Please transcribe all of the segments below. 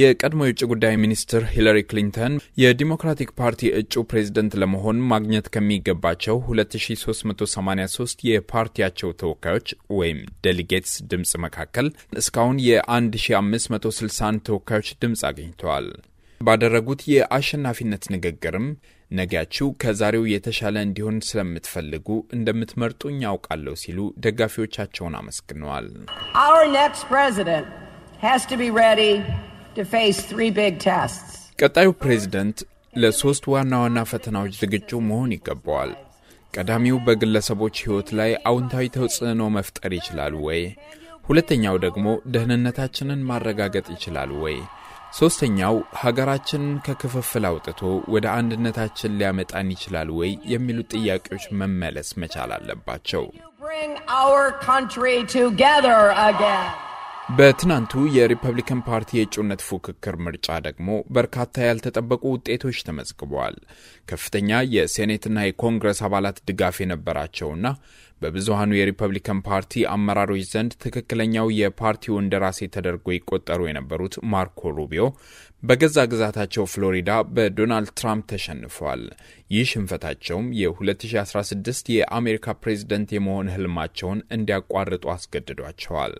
የቀድሞ የውጭ ጉዳይ ሚኒስትር ሂለሪ ክሊንተን የዲሞክራቲክ ፓርቲ እጩ ፕሬዝደንት ለመሆን ማግኘት ከሚገባቸው 2383 የፓርቲያቸው ተወካዮች ወይም ዴሊጌትስ ድምፅ መካከል እስካሁን የ1561 ተወካዮች ድምፅ አግኝተዋል። ባደረጉት የአሸናፊነት ንግግርም ነጊያችው ከዛሬው የተሻለ እንዲሆን ስለምትፈልጉ እንደምትመርጡኝ ያውቃለሁ ሲሉ ደጋፊዎቻቸውን አመስግነዋል። ቀጣዩ ፕሬዝደንት ለሶስት ዋና ዋና ፈተናዎች ዝግጁ መሆን ይገባዋል። ቀዳሚው በግለሰቦች ሕይወት ላይ አውንታዊ ተጽዕኖ መፍጠር ይችላል ወይ? ሁለተኛው ደግሞ ደህንነታችንን ማረጋገጥ ይችላል ወይ? ሦስተኛው ሀገራችንን ከክፍፍል አውጥቶ ወደ አንድነታችን ሊያመጣን ይችላል ወይ የሚሉት ጥያቄዎች መመለስ መቻል አለባቸው። በትናንቱ የሪፐብሊካን ፓርቲ የእጩነት ፉክክር ምርጫ ደግሞ በርካታ ያልተጠበቁ ውጤቶች ተመዝግበዋል። ከፍተኛ የሴኔትና የኮንግረስ አባላት ድጋፍ የነበራቸውና በብዙሃኑ የሪፐብሊካን ፓርቲ አመራሮች ዘንድ ትክክለኛው የፓርቲው እንደራሴ ተደርጎ ይቆጠሩ የነበሩት ማርኮ ሩቢዮ በገዛ ግዛታቸው ፍሎሪዳ በዶናልድ ትራምፕ ተሸንፈዋል። ይህ ሽንፈታቸውም የ2016 የአሜሪካ ፕሬዝደንት የመሆን ህልማቸውን እንዲያቋርጡ አስገድዷቸዋል።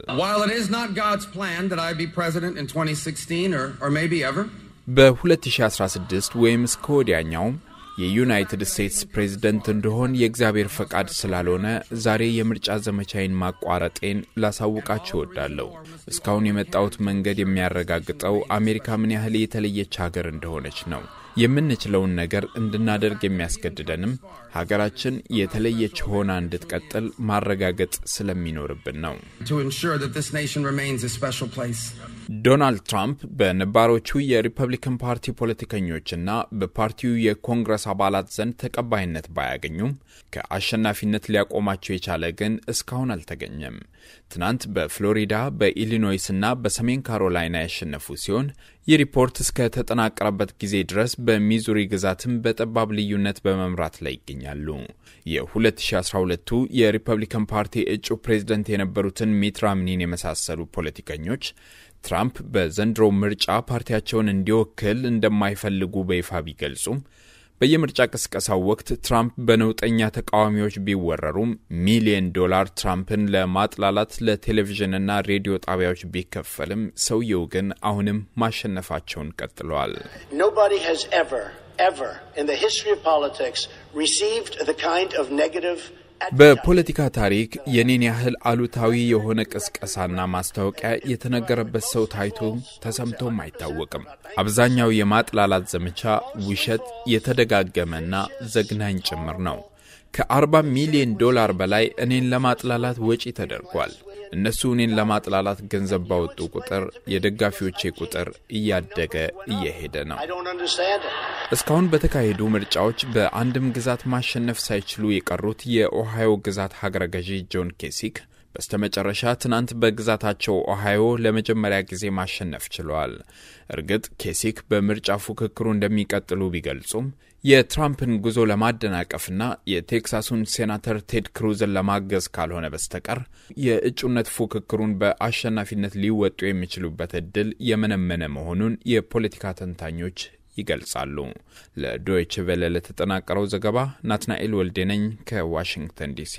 በ2016 ወይም እስከ ወዲያኛውም የዩናይትድ ስቴትስ ፕሬዝደንት እንደሆን የእግዚአብሔር ፈቃድ ስላልሆነ ዛሬ የምርጫ ዘመቻዬን ማቋረጤን ላሳውቃችሁ እወዳለሁ። እስካሁን የመጣሁት መንገድ የሚያረጋግጠው አሜሪካ ምን ያህል የተለየች ሀገር እንደሆነች ነው። የምንችለውን ነገር እንድናደርግ የሚያስገድደንም ሀገራችን የተለየች ሆና እንድትቀጥል ማረጋገጥ ስለሚኖርብን ነው። ዶናልድ ትራምፕ በነባሮቹ የሪፐብሊካን ፓርቲ ፖለቲከኞችና በፓርቲው የኮንግረስ አባላት ዘንድ ተቀባይነት ባያገኙም ከአሸናፊነት ሊያቆማቸው የቻለ ግን እስካሁን አልተገኘም። ትናንት በፍሎሪዳ በኢሊኖይስና በሰሜን ካሮላይና ያሸነፉ ሲሆን ይህ ሪፖርት እስከተጠናቀረበት ጊዜ ድረስ በሚዙሪ ግዛትም በጠባብ ልዩነት በመምራት ላይ ይገኛሉ። የ2012ቱ የሪፐብሊካን ፓርቲ እጩ ፕሬዝደንት የነበሩትን ሚትራምኒን የመሳሰሉ ፖለቲከኞች ትራምፕ በዘንድሮ ምርጫ ፓርቲያቸውን እንዲወክል እንደማይፈልጉ በይፋ ቢገልጹም በየምርጫ ቅስቀሳው ወቅት ትራምፕ በነውጠኛ ተቃዋሚዎች ቢወረሩም ሚሊየን ዶላር ትራምፕን ለማጥላላት ለቴሌቪዥንና ሬዲዮ ጣቢያዎች ቢከፈልም ሰውየው ግን አሁንም ማሸነፋቸውን ቀጥለዋል። በፖለቲካ ታሪክ የኔን ያህል አሉታዊ የሆነ ቅስቀሳና ማስታወቂያ የተነገረበት ሰው ታይቶ ተሰምቶም አይታወቅም። አብዛኛው የማጥላላት ዘመቻ ውሸት፣ የተደጋገመና ዘግናኝ ጭምር ነው። ከ40 ሚሊዮን ዶላር በላይ እኔን ለማጥላላት ወጪ ተደርጓል። እነሱ እኔን ለማጥላላት ገንዘብ ባወጡ ቁጥር የደጋፊዎቼ ቁጥር እያደገ እየሄደ ነው። እስካሁን በተካሄዱ ምርጫዎች በአንድም ግዛት ማሸነፍ ሳይችሉ የቀሩት የኦሃዮ ግዛት ሀገረ ገዢ ጆን ኬሲክ በስተመጨረሻ ትናንት በግዛታቸው ኦሃዮ ለመጀመሪያ ጊዜ ማሸነፍ ችለዋል። እርግጥ ኬሲክ በምርጫ ፉክክሩ እንደሚቀጥሉ ቢገልጹም የትራምፕን ጉዞ ለማደናቀፍና የቴክሳሱን ሴናተር ቴድ ክሩዝን ለማገዝ ካልሆነ በስተቀር የእጩነት ፉክክሩን በአሸናፊነት ሊወጡ የሚችሉበት እድል የመነመነ መሆኑን የፖለቲካ ተንታኞች ይገልጻሉ። ለዶይቼ ቬለ ለተጠናቀረው ዘገባ ናትናኤል ወልዴነኝ ከዋሽንግተን ዲሲ